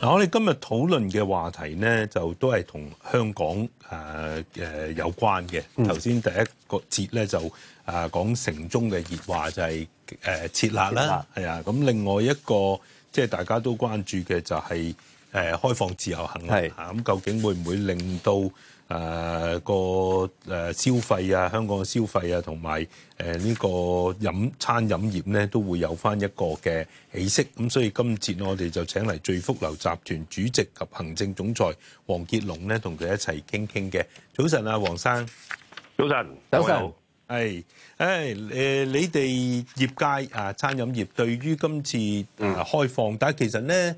嗱，我哋今日討論嘅話題呢，就都係同香港誒誒、呃、有關嘅。頭先第一個節呢，就誒講城中嘅熱話就係誒設立啦，係啊。咁另外一個即係大家都關注嘅就係、係、誒、呃、開放自由行啦。咁、嗯、究竟會唔會令到誒個誒消費啊，香港嘅消費啊，同埋誒呢個飲餐飲業咧，都會有返一個嘅起色。咁所以今次我哋就請嚟敘福樓集團主席及行政總裁黃傑龍咧，同佢一齊傾傾嘅。早晨啊，黃生，早晨，早晨，係，誒誒，你哋業界啊，餐飲業對於今次開放，但係其實咧。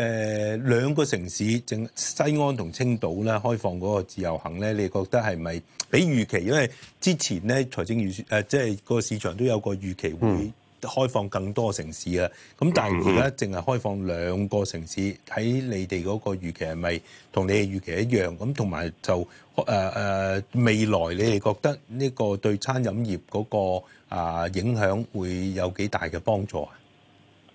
誒兩個城市，正西安同青島咧開放嗰個自由行咧，你覺得係咪比預期？因為之前咧財政預算，即係個市場都有個預期會開放更多城市啊。咁、嗯、但係而家淨係開放兩個城市，睇、嗯嗯、你哋嗰個預期係咪同你哋預期一樣？咁同埋就誒誒、啊啊、未來你哋覺得呢個對餐飲業嗰、那個啊影響會有幾大嘅幫助啊？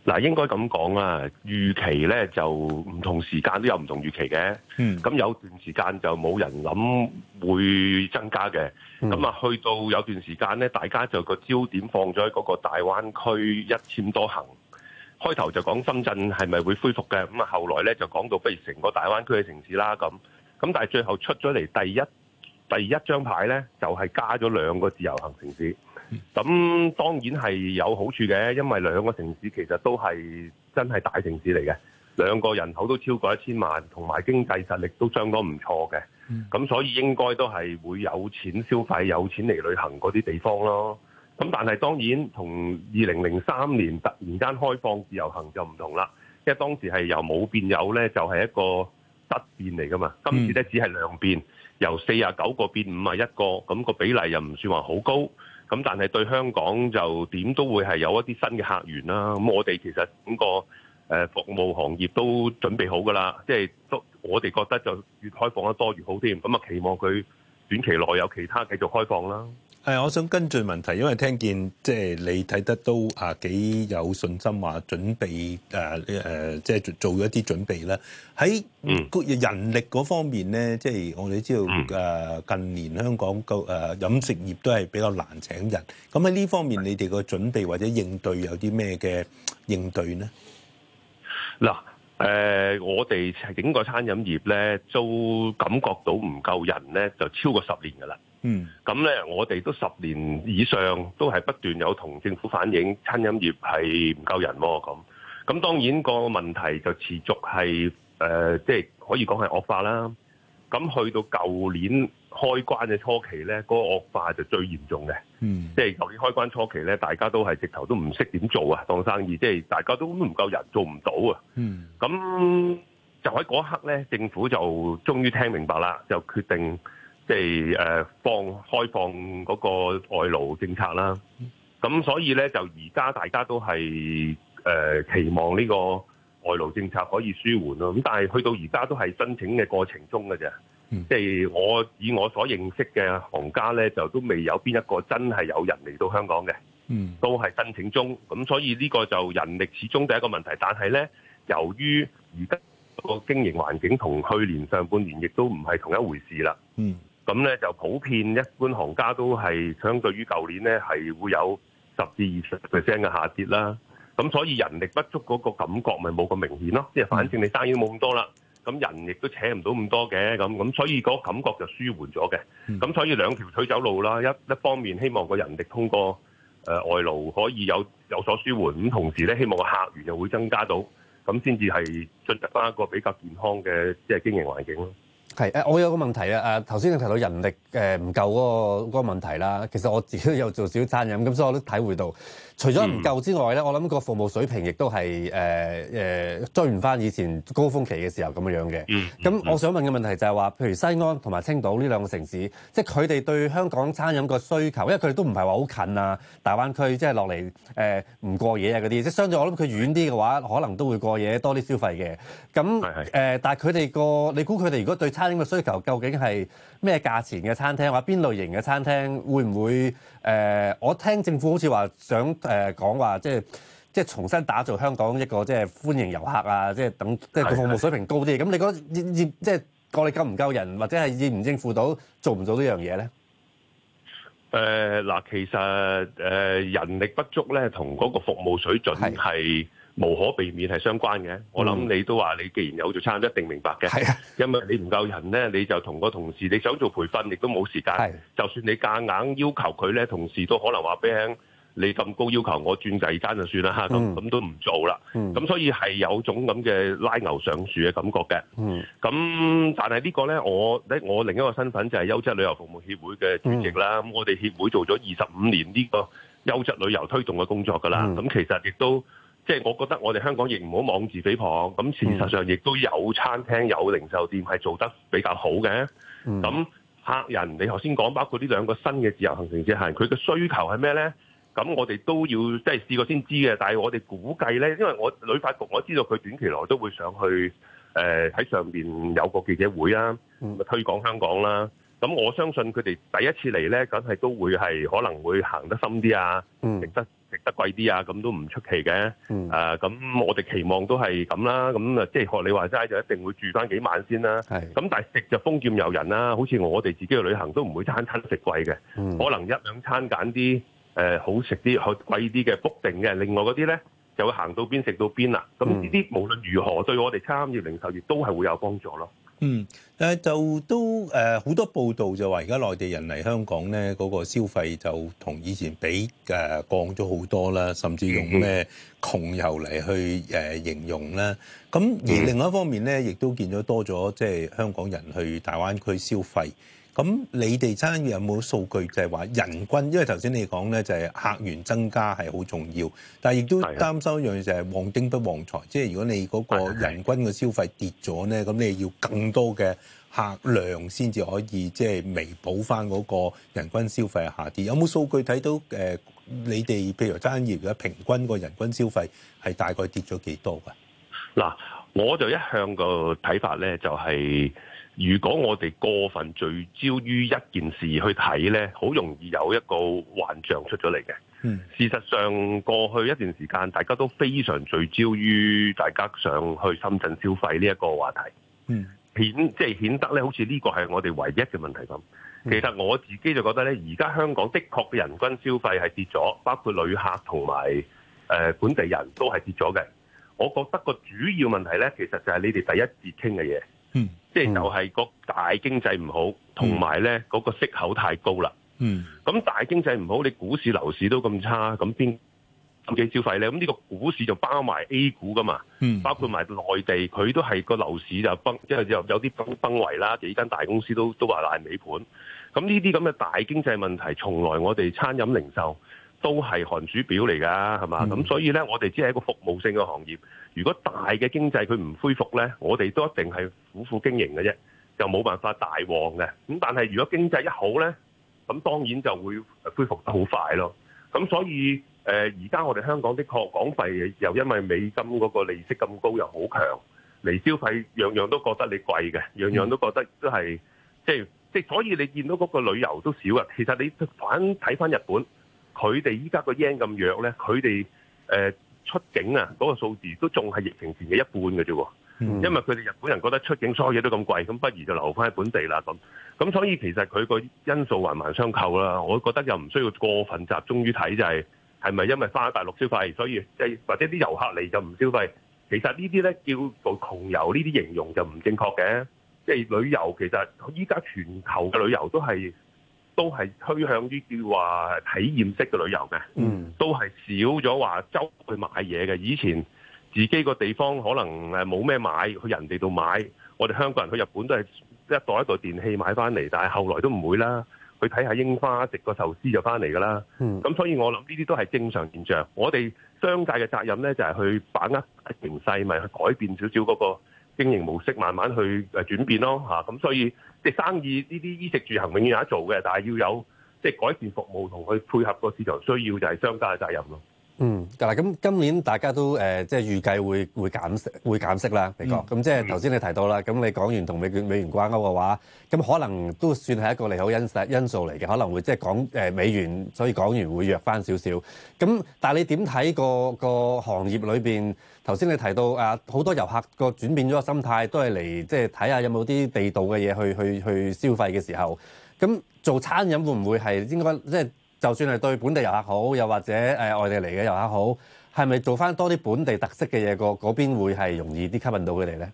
嗱，應該咁講啊，預期咧就唔同時間都有唔同預期嘅。咁、嗯、有段時間就冇人諗會增加嘅。咁、嗯、啊，去到有段時間咧，大家就個焦點放咗喺嗰個大灣區一簽多行。開頭就講深圳係咪會恢復嘅？咁啊，後來咧就講到不如成個大灣區嘅城市啦。咁咁，但係最後出咗嚟第一第一張牌咧，就係、是、加咗兩個自由行城市。咁、嗯、當然係有好處嘅，因為兩個城市其實都係真係大城市嚟嘅，兩個人口都超過一千萬，同埋經濟實力都相當唔錯嘅。咁、嗯、所以應該都係會有錢消費、有錢嚟旅行嗰啲地方咯。咁但係當然同二零零三年突然間開放自由行就唔同啦，因為當時係由冇變有呢就係一個質變嚟噶嘛。今次咧只係量變，由四啊九個變五啊一個，咁、個比例又唔算話好高。咁但係對香港就點都會係有一啲新嘅客源啦、啊。咁我哋其實整個誒服務行業都準備好噶啦，即係都我哋覺得就越開放得多越好添。咁啊期望佢短期內有其他繼續開放啦。誒，我想跟進問題，因為聽見即係、就是、你睇得都啊幾有信心，話準備誒誒、呃呃就是嗯，即係做做一啲準備啦。喺人力嗰方面咧，即係我哋知道誒，近年香港個誒飲食業都係比較難請人。咁喺呢方面，你哋個準備或者應對有啲咩嘅應對呢？嗱，誒，我哋整個餐飲業咧，都感覺到唔夠人咧，就超過十年㗎喇。嗯，咁咧，我哋都十年以上都係不斷有同政府反映餐飲業係唔夠人喎，咁，咁當然個問題就持續係誒，即係可以講係惡化啦。咁去到舊年開關嘅初期咧，嗰個惡化就最嚴重嘅。嗯，即係舊年開關初期咧，大家都係直頭都唔識點做啊，當生意，即係大家都唔夠人做唔到啊。嗯，咁就喺嗰刻咧，政府就終於聽明白啦，就決定。即係誒、呃、放開放嗰個外勞政策啦，咁所以咧就而家大家都係誒、呃、期望呢個外勞政策可以舒緩咯。咁但係去到而家都係申請嘅過程中嘅啫，嗯。即係我以我所認識嘅行家咧，就都未有邊一個真係有人嚟到香港嘅，嗯，都係申請中。咁所以呢個就人力始終第一個問題。但係咧，由於而家個經營環境同去年上半年亦都唔係同一回事啦。嗯。咁咧就普遍一般行家都係相對於舊年咧，係會有十至二十 percent 嘅下跌啦。咁所以人力不足嗰個感覺咪冇咁明顯咯。即係反正你生意冇咁多啦，咁人亦都請唔到咁多嘅，咁咁所以嗰感覺就舒緩咗嘅。咁所以兩條腿走路啦，一一方面希望個人力通過誒外勞可以有有所舒緩，咁同時咧希望個客源又會增加到，咁先至係進入翻一個比較健康嘅即係經營環境咯。係我有個問題啊！誒，頭先你提到人力誒唔、呃、夠嗰個嗰個問題啦，其實我自己都有做少餐飲，咁所以我都體會到，除咗唔夠之外咧，我諗個服務水平亦都係誒追唔翻以前高峰期嘅時候咁樣嘅。咁我想問嘅問題就係話，譬如西安同埋青島呢兩個城市，即係佢哋對香港餐飲個需求，因為佢哋都唔係話好近啊，大灣區即係落嚟誒唔過夜啊嗰啲，即係相對我諗佢遠啲嘅話，可能都會過夜多啲消費嘅。咁、呃、但係佢哋個你估佢哋如果對餐呢個需求究竟係咩價錢嘅餐廳，或者邊類型嘅餐廳會唔會？誒、呃，我聽政府好似話想誒、呃、講話，即係即係重新打造香港一個即係歡迎遊客啊！即係等即係服務水平高啲。咁你覺得即係個力夠唔夠人，或者係應唔應付到，做唔做呢樣嘢咧？誒，嗱，其實誒、呃、人力不足咧，同嗰個服務水準係。無可避免係相關嘅，嗯、我諗你都話你既然有做餐，一定明白嘅。係啊，因為你唔夠人咧，你就同個同事你想做培訓，亦都冇時間。啊、就算你夾硬要求佢咧，同事都可能話俾你咁高要求，我轉第二單就算啦。咁、嗯、咁都唔做啦。咁、嗯、所以係有種咁嘅拉牛上樹嘅感覺嘅。嗯。咁但係呢個咧，我咧我另一個身份就係優質旅遊服務協會嘅主席啦。咁、嗯、我哋協會做咗二十五年呢個優質旅遊推動嘅工作㗎啦。咁、嗯、其實亦都。即係我覺得我哋香港亦唔好妄自菲薄，咁事實上亦都有餐廳、有零售店係做得比較好嘅。咁、嗯、客人，你頭先講包括呢兩個新嘅自由行城市，客人佢嘅需求係咩呢？咁我哋都要即係試過先知嘅，但係我哋估計呢，因為我旅發局我知道佢短期內都會上去誒喺、呃、上面有個記者會啊，嗯、推廣香港啦、啊。咁我相信佢哋第一次嚟呢，梗係都會係可能會行得深啲啊，得、嗯。食得貴啲啊，咁都唔出奇嘅。誒、嗯，咁、呃、我哋期望都係咁啦。咁啊，即係學你話齋，就一定會住翻幾晚先啦。係。咁但係食就豐儉由人啦。好似我哋自己去旅行都唔會餐餐食貴嘅、嗯。可能一兩餐揀啲、呃、好食啲、好貴啲嘅 book 定嘅，另外嗰啲咧就會行到邊食到邊啦。咁呢啲無論如何對我哋餐飲業、零售業都係會有幫助咯。嗯，但係就都誒好、呃、多報道就話，而家內地人嚟香港咧，嗰、那個消費就同以前比誒、呃、降咗好多啦，甚至用咩窮遊嚟去誒、呃、形容咧。咁而另外一方面咧，亦都見咗多咗即係香港人去大灣區消費。咁你哋餐飲業有冇數據就係話人均？因為頭先你講咧就係客源增加係好重要，但係亦都擔心一樣嘢就係旺丁不旺財，即係如果你嗰個人均嘅消費跌咗咧，咁你要更多嘅客量先至可以即係彌補翻嗰個人均消費嘅下跌。有冇數據睇到誒、呃？你哋譬如餐飲業嘅平均個人均消費係大概跌咗幾多㗎？嗱，我就一向個睇法咧就係、是。如果我哋過分聚焦於一件事去睇呢，好容易有一個幻象出咗嚟嘅。事實上過去一段時間，大家都非常聚焦於大家想去深圳消費呢一個話題。嗯，顯、即係顯得呢好似呢個係我哋唯一嘅問題咁。其實我自己就覺得呢，而家香港的確嘅人均消費係跌咗，包括旅客同埋誒本地人都係跌咗嘅。我覺得個主要問題呢，其實就係你哋第一節傾嘅嘢。即係又係個大經濟唔好，同埋呢嗰個息口太高啦。嗯，咁大經濟唔好，你股市樓市都咁差，咁邊咁幾消費呢？咁呢個股市就包埋 A 股噶嘛，嗯，包括埋內地，佢都係個樓市就崩，之後就有啲崩崩圍啦，幾間大公司都都話爛尾盤。咁呢啲咁嘅大經濟問題，從來我哋餐飲零售都係寒暑表嚟㗎，係嘛？咁、嗯、所以呢，我哋只係一個服務性嘅行業。如果大嘅經濟佢唔恢復呢，我哋都一定係苦苦經營嘅啫，就冇辦法大旺嘅。咁但係如果經濟一好呢，咁當然就會恢復得好快咯。咁所以誒，而、呃、家我哋香港的確港幣又因為美金嗰個利息咁高，又好強嚟消費，樣樣都覺得你貴嘅，樣樣都覺得都係即係即係，所以你見到嗰個旅遊都少呀。其實你反睇返日本。佢哋依家個 yen 咁弱咧，佢哋誒出境啊嗰、那個數字都仲係疫情前嘅一半嘅啫、啊嗯，因為佢哋日本人覺得出境所有嘢都咁貴，咁不如就留返喺本地啦咁。咁所以其實佢個因素環環相扣啦。我覺得又唔需要過分集中於睇就係係咪因為返喺大陸消費，所以即係、就是、或者啲遊客嚟就唔消費。其實呢啲咧叫做窮遊呢啲形容就唔正確嘅，即、就、係、是、旅遊其實依家全球嘅旅遊都係，都係趨向於叫話體驗式嘅旅遊嘅、嗯，都係少咗話周去買嘢嘅。以前自己個地方可能誒冇咩買，去人哋度買。我哋香港人去日本都係一袋一袋電器買翻嚟，但係後來都唔會啦。去睇下櫻花，食個壽司就翻嚟㗎啦。咁、嗯、所以我諗呢啲都係正常現象。我哋商界嘅責任呢，就係去把握形勢，咪去改變少少嗰、嗰個。經營模式慢慢去誒轉變咯嚇，咁所以即係生意呢啲衣食住行永遠有得做嘅，但係要有即係改善服務同去配合個市場需要，就係商家嘅責任咯。嗯，咁今年大家都誒、呃，即係預計會會減息，會減息啦，美國。咁、嗯、即係頭先你提到啦，咁你港元同美美元掛鈎嘅話，咁可能都算係一個利好因因素嚟嘅，可能會即係港、呃、美元，所以港元會弱翻少少。咁但係你點睇、個、個行業裏邊？頭先你提到啊好多遊客個轉變咗個心態，都係嚟即係睇下有冇啲地道嘅嘢去去去消費嘅時候，咁做餐飲會唔會係應該即係就算係對本地遊客好，又或者誒、呃、外地嚟嘅遊客好，係咪做翻多啲本地特色嘅嘢？個嗰邊會係容易啲吸引到佢哋呢？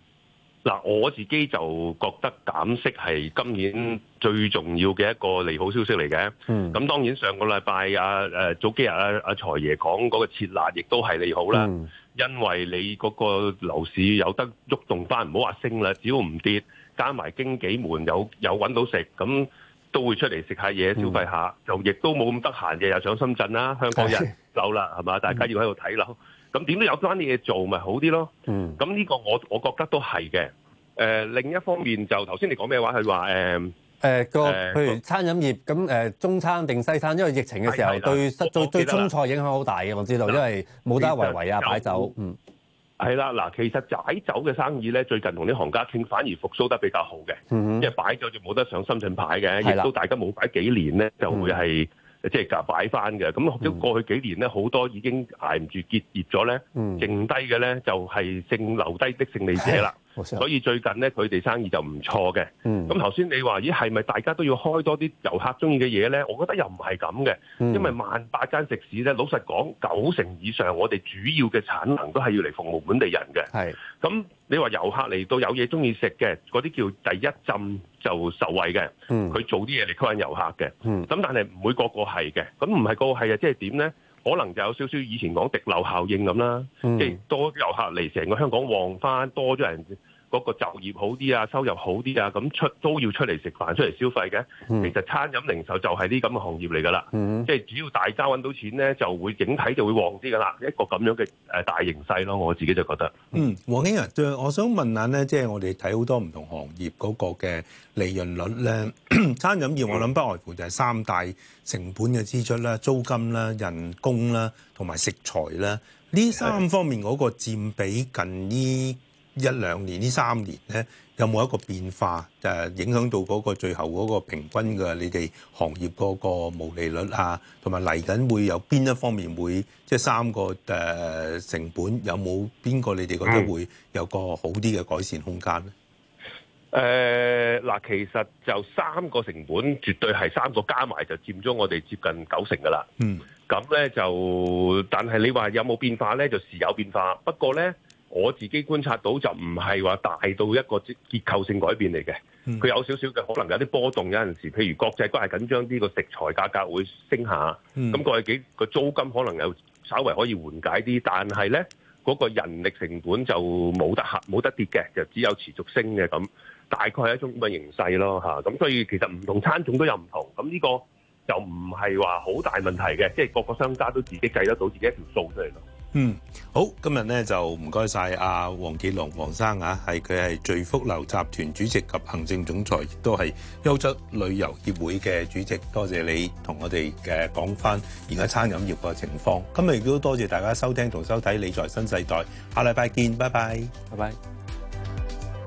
嗱，我自己就覺得減息係今年最重要嘅一個利好消息嚟嘅。咁、嗯、當然上個禮拜啊誒、呃、早幾日阿阿財爺講嗰個撤辣，亦都係利好啦、嗯。因為你嗰個樓市有得喐動翻，唔好話升啦，只要唔跌，加埋經紀們有有揾到食咁。都會出嚟食下嘢消費下，嗯、就亦都冇咁得閒，嘅，又上深圳啦。香港人走啦，係嘛？ 大家要喺度睇樓，咁點都有翻啲嘢做，咪好啲咯。嗯，咁呢個我我覺得都係嘅。誒另一方面就頭先你講咩話？佢話誒誒個，譬、呃呃、如餐飲業咁、呃、中餐定西餐？因為疫情嘅時候是是對對對中菜影響好大嘅，我知道，因為冇得圍圍啊擺酒，嗯。係啦，嗱，其實擺酒嘅生意咧，最近同啲行家傾，反而復甦得比較好嘅。嗯哼，即、就、係、是、擺咗就冇得上深圳牌嘅，亦都大家冇擺幾年咧，嗯，就會係即係夾擺翻嘅。咁過去幾年咧，好多已經捱唔住結業咗咧，嗯，剩低嘅咧就係剩留低的勝利者啦。所以最近咧，佢哋生意就唔錯嘅。咁頭先你話咦，係咪大家都要開多啲遊客中意嘅嘢咧？我覺得又唔係咁嘅，因為萬八間食肆咧，老實講九成以上，我哋主要嘅產能都係要嚟服務本地人嘅。係咁，你話遊客嚟到有嘢中意食嘅嗰啲叫第一浸就受惠嘅。佢、嗯、做啲嘢嚟吸引遊客嘅。咁、嗯、但係唔會個個係嘅。咁唔係個個係啊，即係點咧？可能就有少少以前講滴漏效應咁啦，即係多遊客嚟，成個香港旺翻，多咗人。嗰、那個就業好啲啊，收入好啲啊，咁出都要出嚟食飯、出嚟消費嘅、嗯。其實餐飲零售就係啲咁嘅行業嚟噶啦，即係只要大家搵到錢咧，就會整體就會旺啲噶啦。一個咁樣嘅大形勢咯，我自己就覺得。嗯，黃先生、啊、對我想問下咧，即、就、係、是、我哋睇好多唔同行業嗰個嘅利潤率咧， 餐飲業我諗不外乎就係三大成本嘅支出啦、租金啦、人工啦、同埋食材啦，呢三方面嗰個佔比近呢？一兩年呢三年呢，有冇一個變化？就係影響到嗰個最後嗰個平均嘅你哋行業嗰個毛利率啊，同埋嚟緊會有邊一方面會即係三個誒成本，有冇邊個你哋覺得會有個好啲嘅改善空間呢？誒嗱，其實就三個成本絕對係三個加埋就佔咗我哋接近九成㗎喇。嗯，咁呢就，但係你話有冇變化呢？就時有變化，不過呢。我自己觀察到就唔係話大到一個結構性改變嚟嘅，佢、嗯、有少少嘅可能有啲波動，有陣時候，譬如國際關係緊張啲，呢個食材價格會升下，咁過去幾個租金可能又稍微可以緩解啲，但係呢，嗰、嗰個人力成本就冇得冇得跌嘅，就只有持續升嘅咁，咁大概係一種咁嘅形勢咯嚇。咁所以其實唔同餐種都有唔同，咁呢個就唔係話好大問題嘅，即、就、係、是、各個商家都自己計得到自己一條數出嚟咯。嗯，好，今日咧就唔該晒阿黃傑龍黃生啊，係佢係叙福樓集團主席及行政總裁，亦都係優質旅遊協會嘅主席。多謝你同我哋嘅講翻而家餐飲業嘅情況。今日亦都多謝大家收聽同收睇《理財新世代》，下禮拜見，拜拜，拜拜。